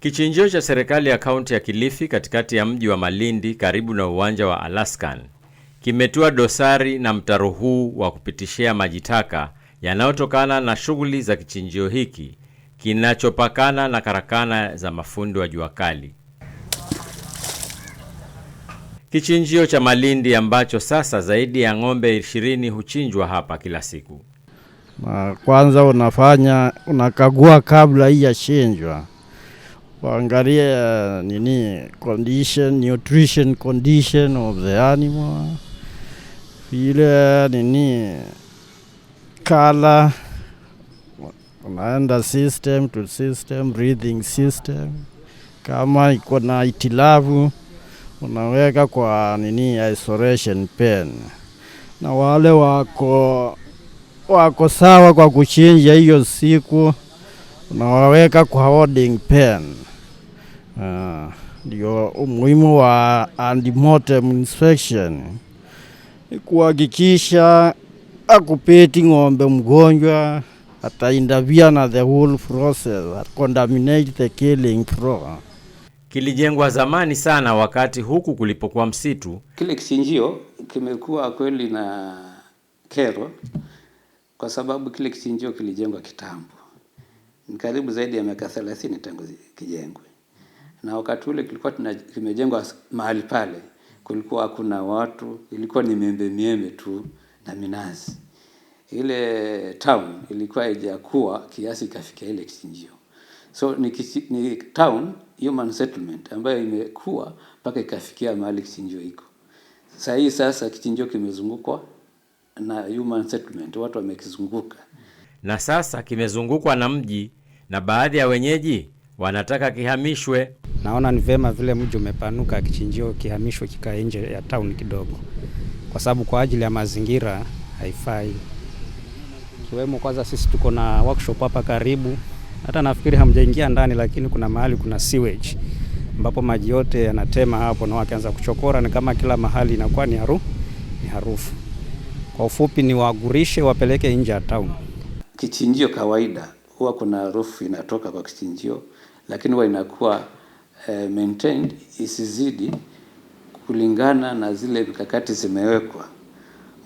Kichinjio cha serikali ya kaunti ya Kilifi katikati ya mji wa Malindi karibu na uwanja wa Alaskan kimetua dosari na mtaro huu wa kupitishia maji taka yanayotokana na shughuli za kichinjio hiki kinachopakana na karakana za mafundi wa jua kali. Kichinjio cha Malindi ambacho sasa zaidi ya ng'ombe ishirini huchinjwa hapa kila siku. Kwanza unafanya unakagua kabla hii yachinjwa waangalie uh, nini condition nutrition condition of the animal, vile uh, nini kala unaenda system to system, breathing system. Kama iko na itilavu unaweka kwa nini isolation pen, na wale wako wako sawa kwa kuchinja hiyo siku unawaweka kwa holding pen. Ah, ndio uh, umuhimu wa anti inspection kuhakikisha akupeti ng'ombe mgonjwa ataindavia na the whole process contaminate the killing floor. Kilijengwa zamani sana wakati huku kulipokuwa msitu. Kile kichinjio kimekuwa kweli na kero, kwa sababu kile kichinjio kilijengwa kitambo ni karibu zaidi ya miaka thelathini tangu kijengwe, na wakati ule kilikuwa kimejengwa mahali pale, kulikuwa hakuna watu, ilikuwa ni miembe miembe tu na minazi. Ile town ilikuwa ijakuwa kiasi ikafikia ile kichinjio, so ni, kichi, ni town human settlement ambayo imekuwa mpaka ikafikia mahali kichinjio iko sasa. Hii sasa kichinjio kimezungukwa na human settlement, watu wamekizunguka na sasa kimezungukwa na mji na baadhi ya wenyeji wanataka kihamishwe. Naona ni vema vile mji umepanuka, kichinjio kihamishwe kikae nje ya town kidogo, kwa sababu kwa ajili ya mazingira haifai. Kiwemo kwanza, sisi tuko na workshop hapa karibu, hata nafikiri hamjaingia ndani, lakini kuna mahali kuna sewage ambapo maji yote yanatema hapo, na wakianza kuchokora ni kama kila mahali inakuwa ni haru, ni harufu. Kwa ufupi, ni wagurishe wapeleke nje ya town, kichinjio kawaida huwa kuna harufu inatoka kwa kichinjio, lakini huwa inakuwa eh, maintained isizidi kulingana na zile mikakati zimewekwa.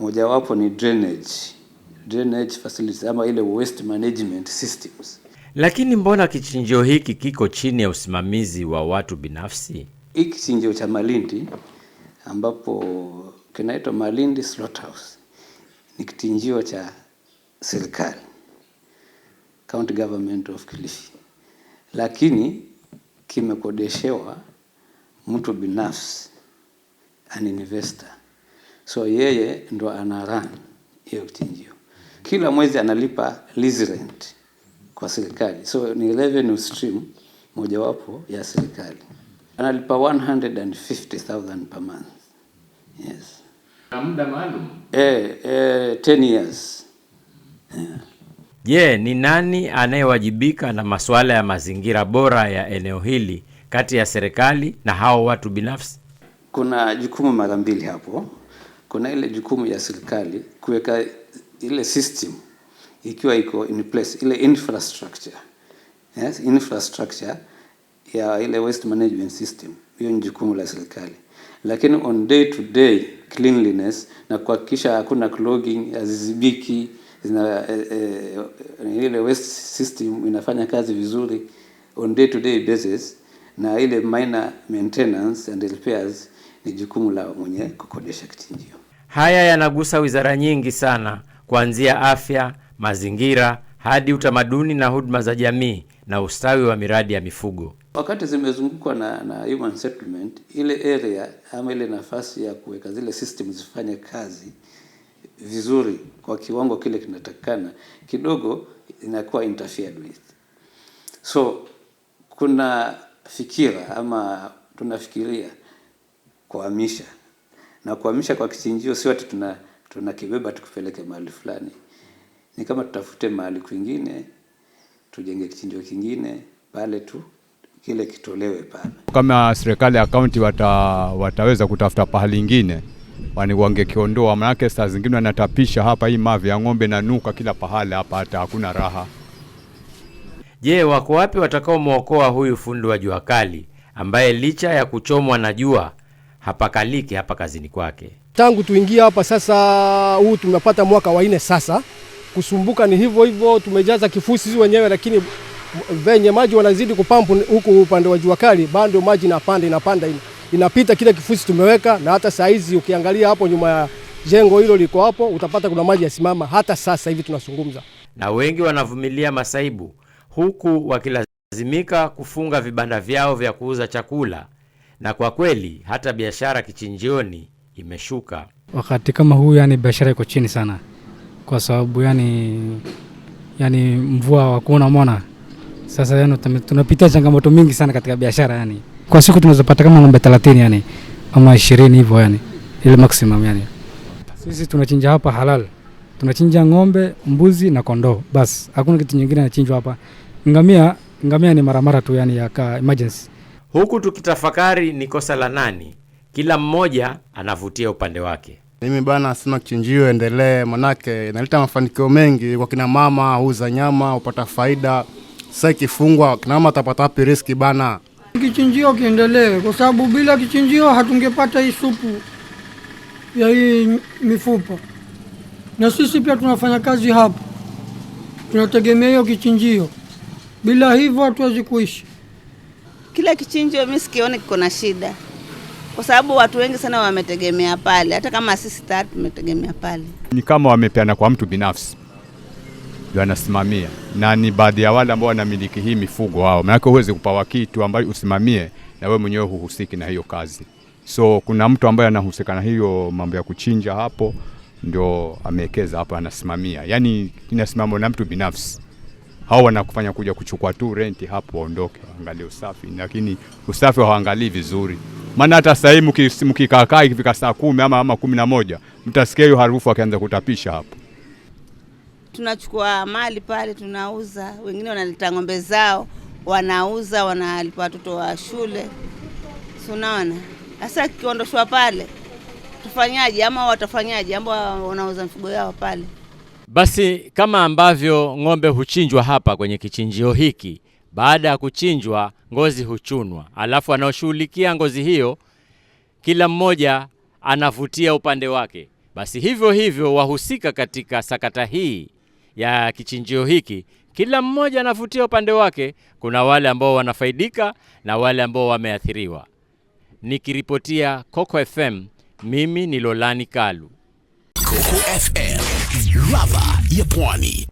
Mojawapo ni drainage, drainage facilities ama ile waste management systems. Lakini mbona kichinjio hiki kiko chini ya usimamizi wa watu binafsi? Hiki kichinjio cha Malindi ambapo kinaitwa Malindi Slaughterhouse ni kichinjio cha serikali. County Government of Kilifi, lakini kimekodeshewa mtu binafsi an investor, so yeye ndo ana run hiyo kichinjio. Kila mwezi analipa lease rent kwa serikali, so ni revenue stream mojawapo ya serikali. Analipa 150,000 per month. Yes. Muda maalum? Eh, eh, 10 years. Yeah. Je, ni nani anayewajibika na masuala ya mazingira bora ya eneo hili kati ya serikali na hao watu binafsi? Kuna jukumu mara mbili hapo. Kuna ile jukumu ya serikali kuweka ile system ikiwa iko in place, ile infrastructure yes, infrastructure ya ile waste management system, hiyo ni jukumu la serikali, lakini on day to day cleanliness na kuhakikisha hakuna clogging, hazizibiki zina eh, eh, eh, ile waste system inafanya kazi vizuri on day to day basis, na ile minor maintenance and repairs ni jukumu la mwenye kukodesha kichinjio. Haya yanagusa wizara nyingi sana, kuanzia afya, mazingira hadi utamaduni na huduma za jamii na ustawi wa miradi ya mifugo. Wakati zimezungukwa na, na human settlement, ile area ama ile nafasi ya kuweka zile system zifanye kazi vizuri kwa kiwango kile kinatakikana, kidogo inakuwa interfered with. So kuna fikira ama tunafikiria kuhamisha, na kuhamisha kwa kichinjio si ati tuna tunakibeba tukupeleke mahali fulani, ni kama tutafute mahali kwingine, tujenge kichinjio kingine pale tu kile kitolewe pale. Kama serikali ya kaunti wata, wataweza kutafuta pahali ingine wani wangekiondoa, manake saa zingine anatapisha hapa, hii mavi ya ng'ombe na nuka kila pahala hapa, hata hakuna raha. Je, wako wapi watakaomwokoa huyu fundi wa jua kali ambaye licha ya kuchomwa na jua hapakaliki hapa kazini kwake? Tangu tuingia hapa sasa, huu tumepata mwaka wa nne sasa, kusumbuka ni hivyo hivyo, tumejaza kifusi wenyewe, lakini venye maji wanazidi kupampu huku upande wa jua kali, bado maji napanda inapanda ina inapita kile kifusi tumeweka, na hata hizi ukiangalia hapo nyuma ya jengo hilo liko hapo, utapata kuna maji yasimama hata sasa hivi tunazungumza. Na wengi wanavumilia masaibu huku wakilazimika kufunga vibanda vyao vya kuuza chakula, na kwa kweli hata biashara kichinjioni imeshuka. Wakati kama huu, yani biashara iko chini sana, kwa sababu yani yani mvua hakuna mwana. Sasa yani, tunapitia changamoto mingi sana katika biashara yani kwa siku tunaweza pata kama ng'ombe 30 yani ama 20 hivyo yani, ile maximum yani. Sisi tunachinja hapa halal, tunachinja ng'ombe, mbuzi na kondoo, basi hakuna kitu kingine kinachinjwa hapa. Ngamia, ngamia ni mara mara tu yani ya emergency. Huku tukitafakari ni kosa la nani, kila mmoja anavutia upande wake. Mimi bwana nasema kichinjio endelee, manake inaleta mafanikio mengi kwa kina mama, huuza nyama, upata faida. Sasa ikifungwa kina mama atapata wapi riski bana? Kichinjio kiendelee kwa sababu bila kichinjio hatungepata hii supu ya hii mifupa, na sisi pia tunafanya kazi hapa, tunategemea hiyo kichinjio. Bila hivyo hatuwezi kuishi. Kila kichinjio mimi sikioni kiko na shida, kwa sababu watu wengi sana wametegemea pale, hata kama sisi tatu tumetegemea pale. Ni kama wamepeana kwa mtu binafsi, ndio anasimamia na ni baadhi ya wale ambao wanamiliki hii mifugo hao, maanake huwezi kupawa kitu ambayo usimamie na wewe mwenyewe huhusiki na hiyo kazi. So kuna mtu ambaye anahusika na hiyo mambo ya kuchinja hapo, ndio amewekeza hapo, anasimamia, yani inasimama na mtu binafsi. Hao wanakufanya kuja kuchukua tu renti hapo, waondoke, waangalie usafi, lakini usafi hawaangalii vizuri. Maana hata sasa hivi mkikaakaa ikifika saa kumi ama, ama kumi na moja mtasikia hiyo harufu akianza kutapisha hapo tunachukua mali pale tunauza, wengine wanaleta ng'ombe zao wanauza, wanalipa watoto wa shule. Unaona sasa kiondoshwa pale tufanyaje? Ama watafanyaje ambao wanauza mifugo yao pale? Basi kama ambavyo ng'ombe huchinjwa hapa kwenye kichinjio hiki, baada ya kuchinjwa ngozi huchunwa, alafu anaoshughulikia ngozi hiyo, kila mmoja anavutia upande wake. Basi hivyo hivyo wahusika katika sakata hii ya kichinjio hiki, kila mmoja anavutia upande wake. Kuna wale ambao wanafaidika na wale ambao wameathiriwa. Nikiripotia Coco FM, mimi ni Lolani Kalu, Coco FM, ladha ya Pwani.